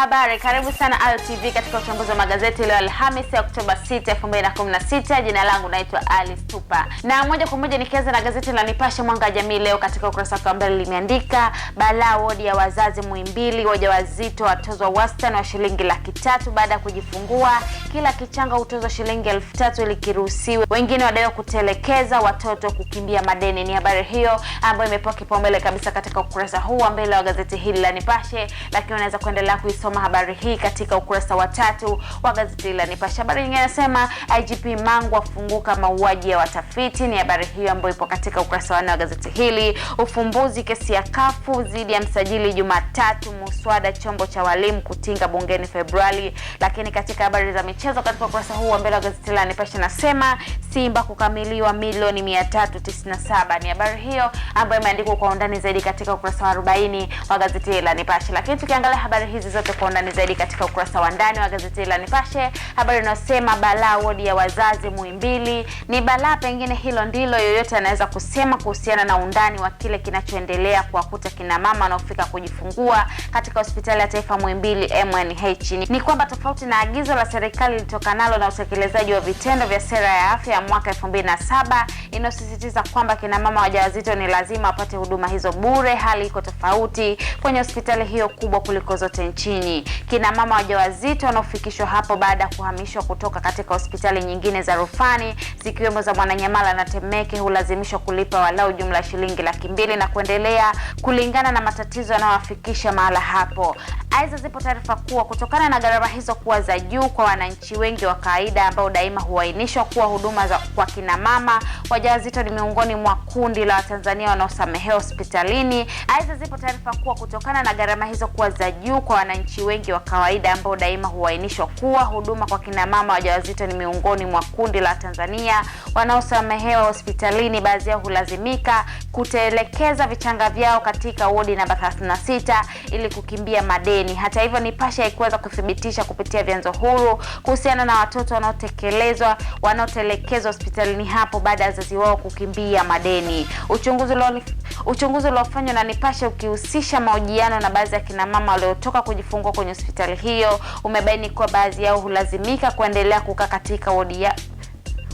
Habari, karibu sana Ayo TV katika uchambuzi wa magazeti leo Alhamisi ya Oktoba 6, 2016. Jina langu naitwa Alice Tupa, na moja kwa moja nikianza na gazeti la Nipashe Mwanga wa Jamii leo katika ukurasa wake wa mbele limeandika balaa wodi ya wazazi Muhimbili, wajawazito watozwa wastani wa shilingi laki tatu baada ya kujifungua. Kila kichanga hutozwa shilingi elfu tatu ili kiruhusiwe. Wengine wadaiwa kutelekeza watoto kukimbia madeni. Ni habari hiyo ambayo imepewa kipaumbele kabisa katika ukurasa huu wa mbele wa gazeti hili la Nipashe, lakini unaweza kuendelea kuisoma kusoma habari hii katika ukurasa wa tatu wa gazeti la Nipashe. Habari nyingine inasema IGP Mangu afunguka mauaji ya watafiti, ni habari hiyo ambayo ipo katika ukurasa wa nne wa gazeti hili. Ufumbuzi kesi ya kafu dhidi ya msajili Jumatatu, muswada chombo cha walimu kutinga bungeni Februari. Lakini katika habari za michezo katika ukurasa huu wa mbele wa gazeti la Nipashe nasema Simba kukamiliwa milioni 397, ni habari hiyo ambayo imeandikwa kwa undani zaidi katika ukurasa wa 40 wa gazeti la Nipashe. Lakini tukiangalia habari hizi zote kwa undani zaidi katika ukurasa wa ndani wa gazeti la Nipashe. Habari inayosema balaa wodi ya wazazi Muhimbili ni balaa, pengine hilo ndilo yoyote anaweza kusema kuhusiana na undani wa kile kinachoendelea kuwakuta kina mama wanaofika kujifungua katika hospitali ya taifa Muhimbili MNH. Ni kwamba tofauti na agizo la serikali litokanalo na utekelezaji wa vitendo vya sera ya afya ya mwaka 2007 inayosisitiza kwamba kina mama wajawazito ni lazima wapate huduma hizo bure, hali iko tofauti kwenye hospitali hiyo kubwa kuliko zote nchini kijamii. Kina mama wajawazito wanaofikishwa hapo baada ya kuhamishwa kutoka katika hospitali nyingine za rufani zikiwemo za Mwananyamala na Temeke hulazimishwa kulipa walau jumla ya shilingi laki mbili na kuendelea kulingana na matatizo yanayowafikisha mahala hapo. Aidha, zipo taarifa kuwa kutokana na gharama hizo kuwa za juu kwa wananchi wengi wa kawaida ambao daima huainishwa kuwa huduma za kwa kina mama wajawazito ni miongoni mwa kundi la Watanzania wanaosamehewa hospitalini. Aidha, zipo taarifa kuwa kutokana na gharama hizo kuwa za juu kwa wananchi wengi wa kawaida ambao daima huainishwa kuwa huduma kwa kina mama wajawazito ni miongoni mwa kundi la Watanzania wanaosamehewa hospitalini, baadhi yao hulazimika kutelekeza vichanga vyao katika wodi namba 36 ili kukimbia madeni kigeni. Hata hivyo, Nipashe haikuweza kuthibitisha kupitia vyanzo huru kuhusiana na watoto wanaotekelezwa wanaotelekezwa hospitalini hapo baada ya wazazi wao kukimbia madeni. Uchunguzi ulo uchunguzi uliofanywa na Nipashe ukihusisha mahojiano na baadhi ya kina mama waliotoka kujifungua kwenye hospitali hiyo umebaini kuwa baadhi yao hulazimika kuendelea kukaa katika wodi ya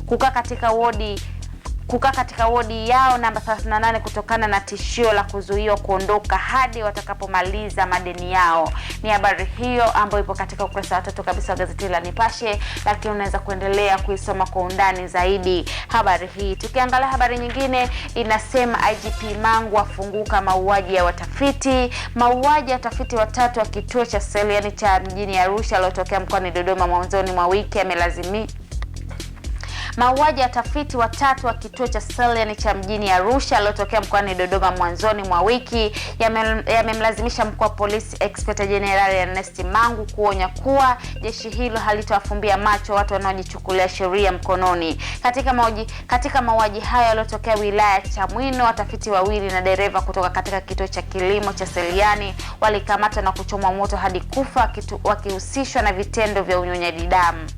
kukaa katika wodi kukaa katika wodi yao namba 38 kutokana na tishio la kuzuiwa kuondoka hadi watakapomaliza madeni yao. Ni habari hiyo ambayo ipo katika ukurasa wa tatu kabisa wa gazeti la Nipashe, lakini unaweza kuendelea kuisoma kwa undani zaidi habari hii. Tukiangalia habari nyingine inasema IGP Mangu afunguka mauaji ya watafiti. Mauaji ya watafiti watatu wa kituo cha Seliani cha mjini Arusha aliotokea mkoani Dodoma mwanzoni mwa wiki amelazimika Mauaji ya tafiti watatu wa kituo cha selian cha mjini Arusha yaliyotokea mkoani Dodoma mwanzoni mwa wiki yamemlazimisha yame mkuu wa polisi Expert Jenerali Ernest Mangu kuonya kuwa jeshi hilo halitowafumbia macho watu wanaojichukulia sheria mkononi. Katika mauaji katika mauaji hayo yaliyotokea wilaya ya Chamwino, watafiti wawili na dereva kutoka katika kituo cha kilimo cha Seliani walikamatwa na kuchomwa moto hadi kufa wakihusishwa na vitendo vya unyonyaji damu.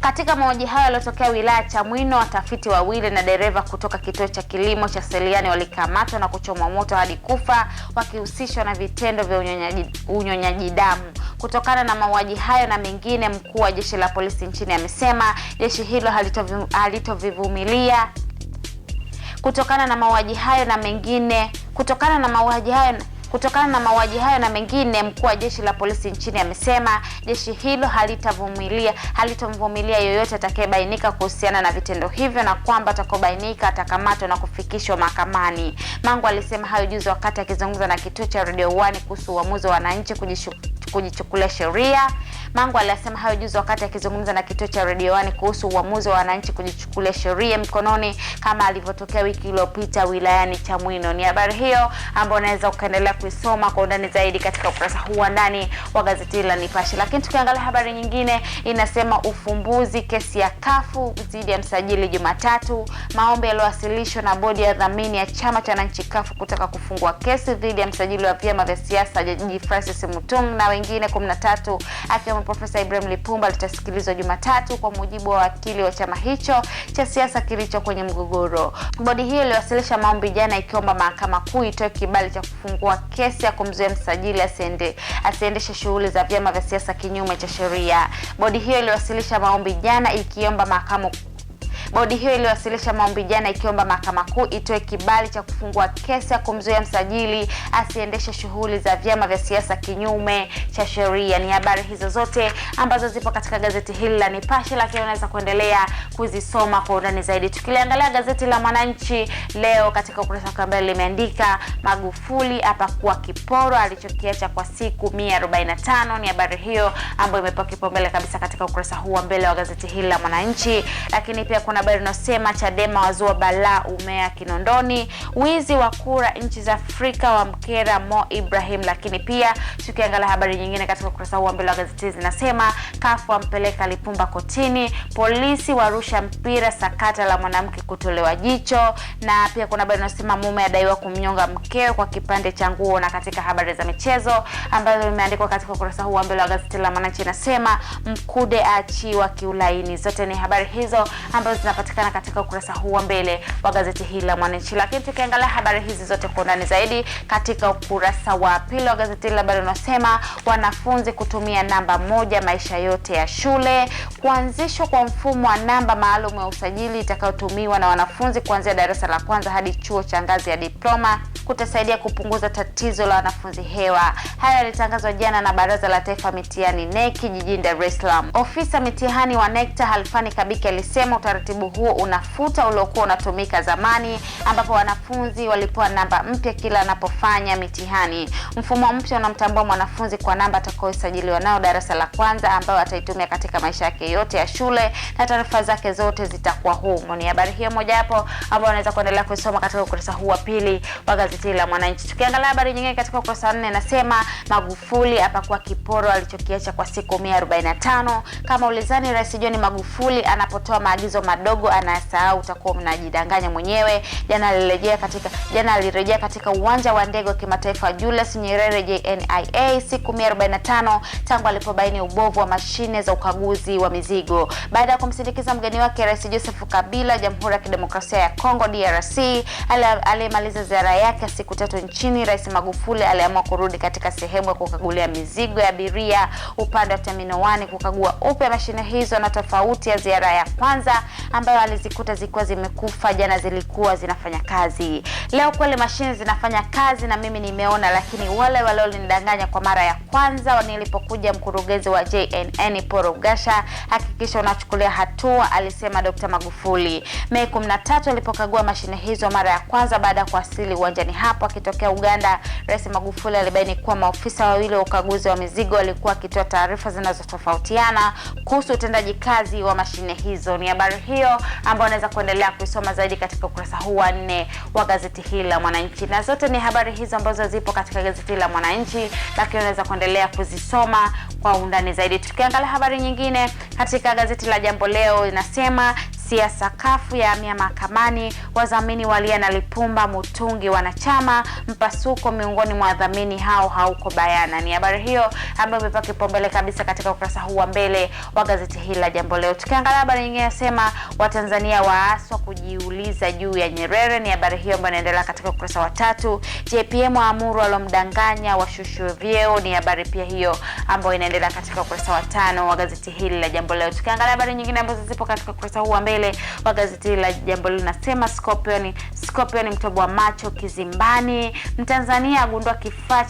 Katika mauaji hayo yaliyotokea wilaya Chamwino, watafiti wawili na dereva kutoka kituo cha kilimo cha Seliani walikamatwa na kuchomwa moto hadi kufa wakihusishwa na vitendo vya unyonyaji, unyonyaji damu. Kutokana na mauaji hayo na mengine, mkuu wa jeshi la polisi nchini amesema jeshi hilo halitovivumilia kutokana na mauaji hayo na mengine kutokana na mauaji hayo Kutokana na mauaji hayo na mengine, mkuu wa jeshi la polisi nchini amesema jeshi hilo halitavumilia halitamvumilia yoyote atakayebainika kuhusiana na vitendo hivyo na kwamba atakobainika atakamatwa na kufikishwa mahakamani. Mangu alisema hayo juzi wakati akizungumza na kituo cha Radio 1 kuhusu uamuzi wa wananchi kujishughulisha kujichukulia sheria. Mangu aliyasema hayo juzi wakati akizungumza na kituo cha redio One kuhusu uamuzi wa wananchi kujichukulia sheria mkononi kama alivyotokea wiki iliyopita wilayani Chamwino. Ni habari hiyo ambayo unaweza ukaendelea kuisoma kwa undani zaidi katika ukurasa huu wa ndani wa gazeti la Nipashe. Lakini tukiangalia habari nyingine, inasema ufumbuzi kesi ya kafu dhidi ya msajili Jumatatu. Maombi yaliyowasilishwa na bodi ya dhamini ya chama cha wananchi kafu kutaka kufungua kesi dhidi ya msajili wa vyama vya siasa Jaji Francis Mutung na wengine 13 akiwemo Profesa Ibrahim Lipumba litasikilizwa Jumatatu kwa mujibu wa wakili wa chama hicho cha siasa kilicho kwenye mgogoro. Bodi hiyo iliwasilisha maombi jana ikiomba mahakama kuu itoe kibali cha kufungua kesi ya kumzuia msajili asiende asiendeshe shughuli za vyama vya siasa kinyume cha sheria. Bodi hiyo iliwasilisha maombi jana ikiomba mahakama Bodi hiyo iliwasilisha maombi jana ikiomba Mahakama Kuu itoe kibali cha kufungua kesi ya kumzuia msajili asiendeshe shughuli za vyama vya siasa kinyume cha sheria. Ni habari hizo zote ambazo zipo katika gazeti hili la Nipashe, lakini unaweza kuendelea kuzisoma kwa undani zaidi. Tukiliangalia gazeti la Mwananchi leo katika ukurasa wa mbele limeandika Magufuli apakuwa kiporo alichokiacha kwa siku 145. Ni habari hiyo ambayo imepewa kipaumbele kabisa katika ukurasa huu wa mbele wa gazeti hili la Mwananchi, lakini pia kuna kuna habari unasema Chadema wazua balaa umea Kinondoni, wizi wa kura nchi za Afrika wa mkera Mo Ibrahim. Lakini pia tukiangalia habari nyingine katika ukurasa huu wa mbele wa gazeti zinasema kafu ampeleka Lipumba kotini, polisi warusha mpira, sakata la mwanamke kutolewa jicho, na pia kuna habari unasema mume adaiwa kumnyonga mkeo kwa kipande cha nguo. Na katika habari za michezo ambazo imeandikwa katika ukurasa huu wa mbele wa gazeti la Mwananchi inasema Mkude aachiwa kiulaini. Zote ni habari hizo ambazo zinapatikana katika ukurasa huu wa mbele wa gazeti hili la Mwananchi. Lakini tukiangalia habari hizi zote kwa undani zaidi katika ukurasa wa pili wa gazeti hili la habari unasema wanafunzi kutumia namba moja maisha yote ya shule, kuanzishwa kwa mfumo wa namba maalum ya usajili itakayotumiwa na wanafunzi kuanzia darasa la kwanza hadi chuo cha ngazi ya diploma kutasaidia kupunguza tatizo la wanafunzi hewa. Haya yalitangazwa jana na Baraza la Taifa Mitihani neki jijini Dar es Salaam. Ofisa mitihani wa NECTA Halfani Kabiki alisema utaratibu huo unafuta uliokuwa unatumika zamani, ambapo wanafunzi walipewa namba mpya kila anapofanya mitihani. Mfumo mpya unamtambua mwanafunzi kwa namba atakayosajiliwa nayo darasa la kwanza, ambayo ataitumia katika maisha yake yote ya shule na taarifa zake zote zitakuwa humo. Ni habari hiyo mojawapo ambayo unaweza kuendelea kuisoma katika ukurasa huu wa pili wa gazeti gazeti la Mwananchi. Tukiangalia habari nyingine katika ukurasa wa nne nasema Magufuli apakuwa kiporo alichokiacha kwa siku 145. Kama ulizani Rais John Magufuli anapotoa maagizo madogo anayasahau, utakuwa mnajidanganya mwenyewe. Jana alirejea katika jana alirejea katika uwanja wa ndege wa kimataifa Julius Nyerere JNIA, siku 145 tangu alipobaini ubovu wa mashine za ukaguzi wa mizigo. Baada ya kumsindikiza mgeni wake Rais Joseph Kabila Jamhuri ya Kidemokrasia ya Kongo DRC, aliyemaliza ziara yake siku tatu nchini, Rais Magufuli aliamua kurudi katika sehemu ya kukagulia mizigo ya abiria upande wa Terminal 1 kukagua upya mashine hizo, na tofauti ya ziara ya kwanza ambayo alizikuta zikuwa zimekufa, jana zilikuwa zinafanya kazi, leo kweli mashine zinafanya kazi na mimi nimeona, lakini wale walionidanganya kwa mara ya kwanza nilipokuja, mkurugenzi wa JNN Porogasha, hakikisha unachukulia hatua, alisema Dr. Magufuli Mei 13 alipokagua mashine hizo mara ya kwanza baada ya kuwasili uwanjani hapo akitokea Uganda, Rais Magufuli alibaini kuwa maofisa wawili wa ukaguzi wa mizigo walikuwa wakitoa taarifa zinazotofautiana kuhusu utendaji kazi wa mashine hizo. Ni habari hiyo ambayo unaweza kuendelea kuisoma zaidi katika ukurasa huu wa nne wa gazeti hili la Mwananchi, na zote ni habari hizo ambazo zipo katika gazeti la Mwananchi, lakini unaweza kuendelea kuzisoma kwa undani zaidi. Tukiangalia habari nyingine katika gazeti la Jambo Leo inasema kupitia sakafu ya amia mahakamani, wadhamini walia na Lipumba Mutungi, wanachama mpasuko miongoni mwa wadhamini hao hauko bayana. Ni habari hiyo ambayo imepewa kipaumbele kabisa katika ukurasa huu wa mbele wa gazeti hili la Jambo Leo. Tukiangalia habari nyingine inasema Watanzania waaswa kujiuliza juu ya Nyerere. Ni habari hiyo ambayo inaendelea katika ukurasa wa tatu. JPM waamuru walomdanganya washushiwe vyeo. Ni habari pia hiyo ambayo inaendelea katika ukurasa wa tano wa gazeti hili la Jambo Leo. Tukiangalia habari nyingine ambazo zipo katika ukurasa huu wa mbele mbele wa gazeti la Jambo linasema Scorpion, Scorpion mtobwa macho kizimbani, Mtanzania agundua kifaa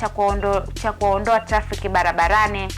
cha kuondoa trafiki barabarani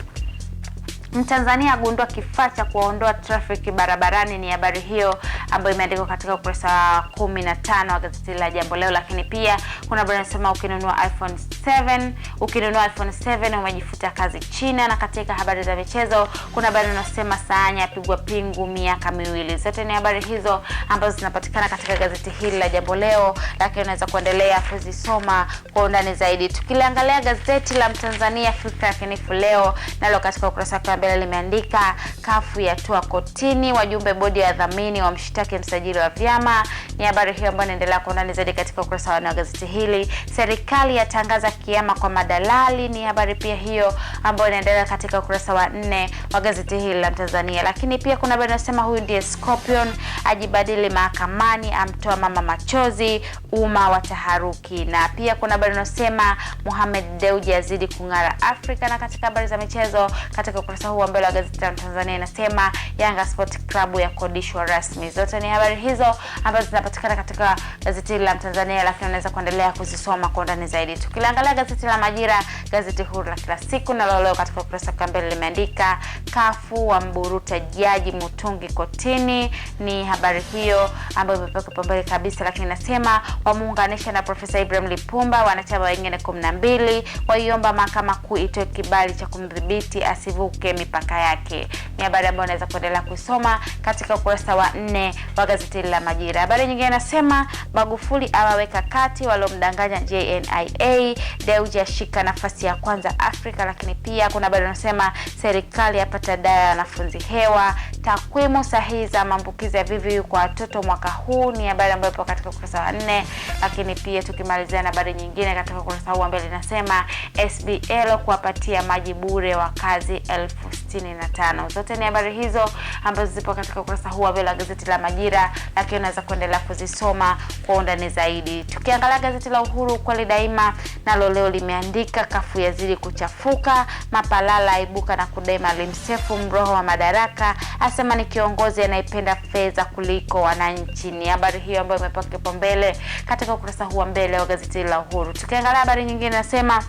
Mtanzania agundua kifaa cha kuondoa trafiki barabarani. Ni habari hiyo ambayo imeandikwa katika ukurasa wa 15 wa gazeti la Jambo Leo, lakini pia kuna habari inasema ukinunua iPhone 7. Ukinunua iPhone 7 umejifuta kazi China. Na katika habari za michezo, kuna habari inasema Saanya apigwa pingu miaka miwili. Zote ni habari hizo ambazo zinapatikana katika gazeti hili la Jambo Leo, lakini unaweza kuendelea kuzisoma kwa undani zaidi. Tukiliangalia gazeti la Mtanzania Fikra Yakinifu leo nalo katika ukurasa wake wa mbele limeandika kafu yatua kotini, wajumbe bodi ya dhamini wa mshtaki msajili wa vyama. Ni habari hiyo ambayo inaendelea kwa undani zaidi katika ukurasa wa gazeti hili. Serikali yatangaza za kiama kwa madalali, ni habari pia hiyo ambayo inaendelea katika ukurasa wa nne wa gazeti hili la Tanzania. Lakini pia kuna habari inasema huyu ndiye Scorpion ajibadili mahakamani, amtoa mama machozi, umma wa taharuki. Na pia kuna habari inasema Mohamed Deuji azidi kung'ara Afrika. Na katika habari za michezo katika ukurasa huu wa mbele wa gazeti la Tanzania inasema Yanga Sport Club yakodishwa rasmi. Zote ni habari hizo ambazo zinapatikana katika gazeti la Tanzania, lakini unaweza kuendelea kuzisoma kwa undani zaidi tukilanga Ukiangalia gazeti la Majira, gazeti huru la kila siku na leo katika ukurasa wa mbele limeandika kafu wa mburuta jaji Mutungi kotini. Ni habari hiyo ambayo imepewa kipaumbele kabisa, lakini nasema wamuunganisha na Profesa Ibrahim Lipumba, wanachama wengine 12 na mbili waiomba mahakama kuu itoe kibali cha kumdhibiti asivuke mipaka yake. Ni habari ambayo unaweza kuendelea kusoma katika ukurasa wa nne wa gazeti la Majira. Habari nyingine inasema Magufuli awaweka kati waliomdanganya JNIA Deuji ashika nafasi ya kwanza Afrika. Lakini pia kuna bado anasema serikali yapata daya ya wanafunzi hewa. Takwimu sahihi za maambukizi ya VVU kwa watoto mwaka huu ni habari ambayo ipo katika ukurasa wa nne. Lakini pia tukimalizia na habari nyingine katika ukurasa huu ambayo linasema SBL kuwapatia maji bure wakazi elfu sitini na tano. Zote ni habari hizo ambazo zipo katika ukurasa huu wa mbele wa gazeti la Majira, lakini unaweza kuendelea kuzisoma kwa undani zaidi. Tukiangalia gazeti la Uhuru kweli daima na nalo leo limeandika kafu yazidi kuchafuka, Mapalala aibuka na kudai Maalim Seif mroho wa madaraka, asema ni kiongozi anayependa fedha kuliko wananchi. Ni habari hiyo ambayo imepewa kipaumbele katika ukurasa huu wa mbele wa gazeti la Uhuru. Tukiangalia habari nyingine, nasema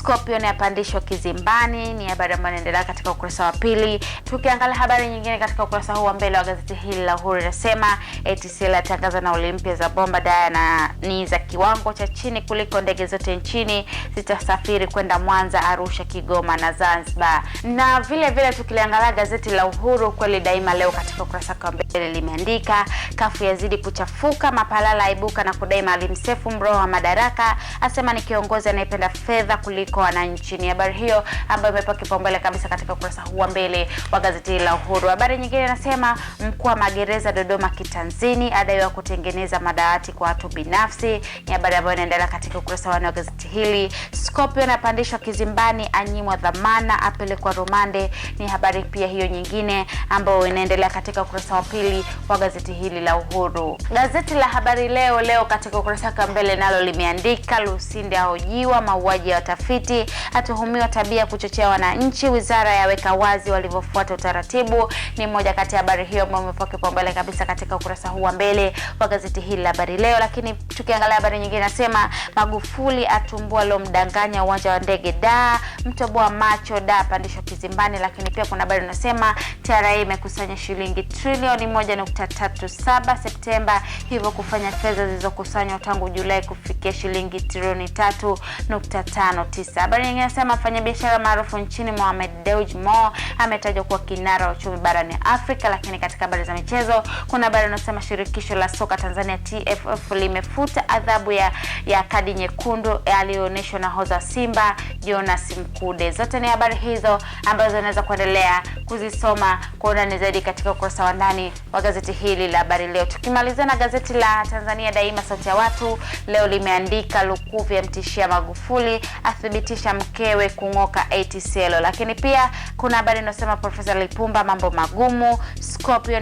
Scorpion yapandishwa kizimbani, ni habari ambayo inaendelea katika ukurasa wa pili. Tukiangalia habari nyingine katika ukurasa huu wa mbele wa gazeti hili la Uhuru inasema ATC latangaza nauli mpya za bomba daya na ni za kiwango cha chini kuliko ndege zote nchini, zitasafiri kwenda Mwanza, Arusha, Kigoma na Zanzibar. Na vile vile tukiliangalia gazeti la Uhuru kweli daima leo katika ukurasa wa mbele limeandika kafu yazidi kuchafuka, Mapalala aibuka na kudai Maalim Seif mroho wa madaraka, asema ni kiongozi anayependa fedha kuliko kwa wananchi. Ni habari hiyo ambayo imepewa kipaumbele kabisa katika ukurasa huu wa mbele wa gazeti la Uhuru. Habari nyingine inasema mkuu wa magereza Dodoma kitanzini adaiwa kutengeneza madawati kwa watu binafsi. Ni habari ambayo inaendelea katika ukurasa wa nne wa gazeti hili. Scorpion anapandishwa kizimbani, anyimwa dhamana, apelekwa rumande. Ni habari pia hiyo nyingine ambayo inaendelea katika ukurasa wa pili wa gazeti hili la Uhuru. Gazeti la Habari Leo leo katika ukurasa wa mbele nalo limeandika Lusinde ahojiwa mauaji ya watafiti msikiti atuhumiwa tabia kuchochea wananchi, wizara yaweka wazi walivyofuata utaratibu. Ni moja kati ya habari hiyo ambayo imepewa kipaumbele kabisa katika ukurasa huu wa mbele wa gazeti hili la habari leo. Lakini tukiangalia habari nyingine, nasema Magufuli atumbua lomdanganya uwanja wa ndege da mtoboa macho da pandisho kizimbani. Lakini pia kuna habari unasema TRA imekusanya shilingi trilioni 1.37 Septemba, hivyo kufanya fedha zilizokusanywa tangu Julai kufikia shilingi trilioni 3.59 kabisa. Habari nyingine nasema mfanyabiashara maarufu nchini Mohamed Dewji Mo ametajwa kuwa kinara wa uchumi barani Afrika. Lakini katika habari za michezo, kuna habari inasema shirikisho la soka Tanzania TFF limefuta adhabu ya, ya kadi nyekundu aliyoonyeshwa na hoza Simba Jonas Mkude. Zote ni habari hizo ambazo unaweza kuendelea kuzisoma kwa undani zaidi katika ukurasa wa ndani wa gazeti hili la Habari Leo. Tukimalizia na gazeti la Tanzania Daima, sauti ya watu, leo limeandika Lukuvi amtishia Magufuli athibi athibitisha mkewe kung'oka ATCL. Lakini pia kuna habari inasema Profesa Lipumba mambo magumu,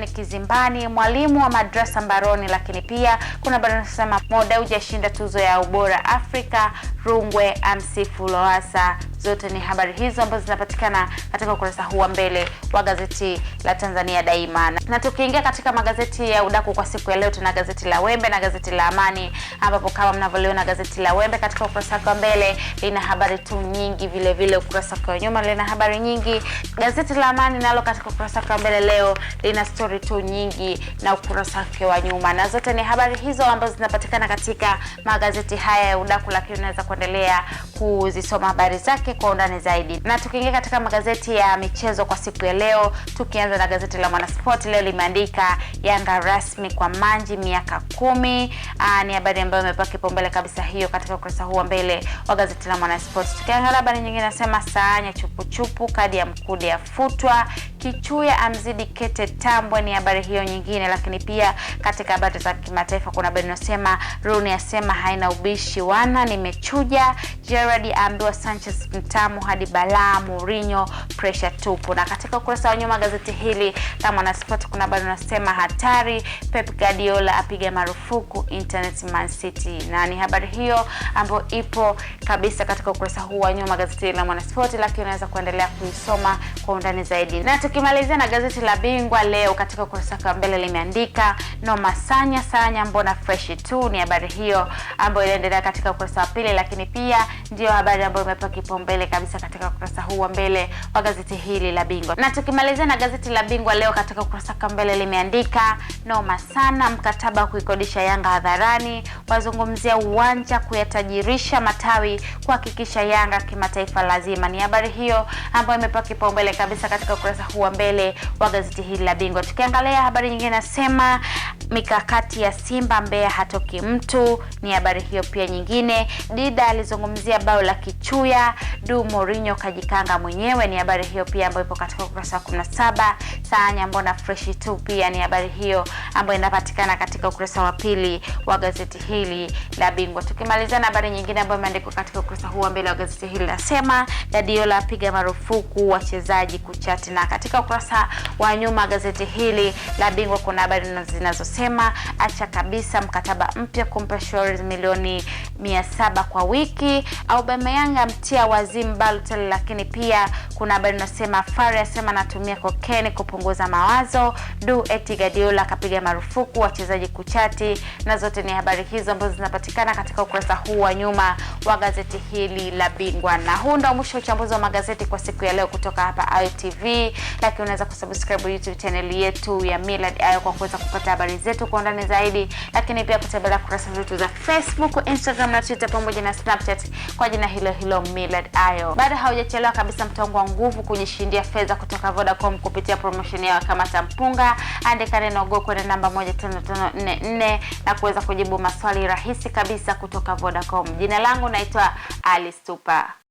ni kizimbani, mwalimu wa madrasa mbaroni. Lakini pia kuna habari inasema Moda hujashinda tuzo ya ubora Afrika, Rungwe amsifu Lowassa. Zote ni habari hizo ambazo zinapatikana katika ukurasa huu wa mbele wa gazeti la Tanzania Daima, na tukiingia katika magazeti ya udaku kwa siku ya leo, tuna gazeti la Wembe na gazeti la Amani, ambapo kama mnavyoliona gazeti la Wembe katika ukurasa wa mbele lina habari tu nyingi, vile vile ukurasa wa nyuma lina habari nyingi. Gazeti la Amani nalo katika ukurasa wa mbele leo lina story tu nyingi na ukurasa wake wa nyuma, na zote ni habari hizo ambazo zinapatikana katika magazeti haya ya udaku, lakini unaweza kwa kuendelea kuzisoma habari zake kwa undani zaidi. Na tukiingia katika magazeti ya michezo kwa siku ya leo, tukianza na gazeti la Mwanaspoti leo limeandika Yanga rasmi kwa Manji miaka kumi. Aa, ah, ni habari ambayo imepewa kipaumbele kabisa hiyo katika ukurasa huu wa mbele wa gazeti la Mwanaspoti. Tukiangalia habari nyingine, nasema Saanya chupuchupu kadi ya Mkude yafutwa Kichuya amzidi Kete Tambwe, ni habari hiyo nyingine. Lakini pia katika habari za kimataifa kuna habari inasema Rooney asema haina ubishi, wana nimechuja. Gerard aambiwa Sanchez mtamu hadi balaa, Mourinho pressure tupu. Na katika ukurasa wa nyuma gazeti hili la Mwanaspoti kuna habari inasema hatari, Pep Guardiola apiga marufuku internet Man City, na ni habari hiyo ambayo ipo kabisa katika ukurasa huu wa nyuma gazeti hili la Mwanaspoti, lakini unaweza kuendelea kuisoma kwa undani zaidi na Tukimalizia na gazeti la Bingwa leo katika ukurasa wa mbele limeandika noma sanya sanya, mbona freshi tu. Ni habari hiyo ambayo inaendelea katika ukurasa wa pili, lakini pia ndiyo habari ambayo imepewa kipaumbele kabisa katika ukurasa huu wa mbele wa gazeti hili la Bingwa. Na tukimalizia na gazeti la Bingwa leo katika ukurasa wa mbele limeandika noma sana, mkataba wa kuikodisha Yanga hadharani, wazungumzia uwanja kuyatajirisha matawi, kuhakikisha Yanga kimataifa lazima. Ni habari hiyo ambayo imepewa kipaumbele kabisa katika ukurasa huu ukurasa wa mbele wa gazeti hili la Bingwa. Tukiangalia habari nyingine, nasema mikakati ya Simba Mbeya hatoki mtu, ni habari hiyo pia nyingine. Dida alizungumzia bao la Kichuya, du Mourinho kajikanga mwenyewe, ni habari hiyo pia ambayo ipo katika ukurasa wa 17. Sanya mbona fresh tu, pia ni habari hiyo ambayo inapatikana katika ukurasa wa pili wa gazeti hili la Bingwa. Tukimalizia na habari nyingine ambayo imeandikwa katika ukurasa huu wa mbele wa gazeti hili, nasema Guardiola apiga marufuku wachezaji kuchati na katika katika ukurasa wa nyuma gazeti hili la Bingwa kuna habari zinazosema acha kabisa mkataba mpya kumpa Shauri milioni 700 kwa wiki. Aubameyang amtia wazimu Balotelli, lakini pia kuna habari inasema Fari asema anatumia kokeni kupunguza mawazo. Du eti Guardiola akapiga marufuku wachezaji kuchati, na zote ni habari hizo ambazo zinapatikana katika ukurasa huu wa nyuma wa gazeti hili la Bingwa, na huu ndio mwisho wa uchambuzi wa magazeti kwa siku ya leo kutoka hapa ITV lakini unaweza kusubscribe YouTube channel yetu ya Millard Ayo kwa kuweza kupata habari zetu kwa undani zaidi, lakini pia kutembelea kurasa zetu za Facebook, Instagram na Twitter pamoja na Snapchat kwa jina hilo hilo Millard Ayo. Bado haujachelewa kabisa, wa nguvu kujishindia fedha kutoka Vodacom kupitia promotion yao kama tampunga. Andika neno go kwenda namba 15544 na kuweza kujibu maswali rahisi kabisa kutoka Vodacom. Jina langu naitwa Ali Stupa.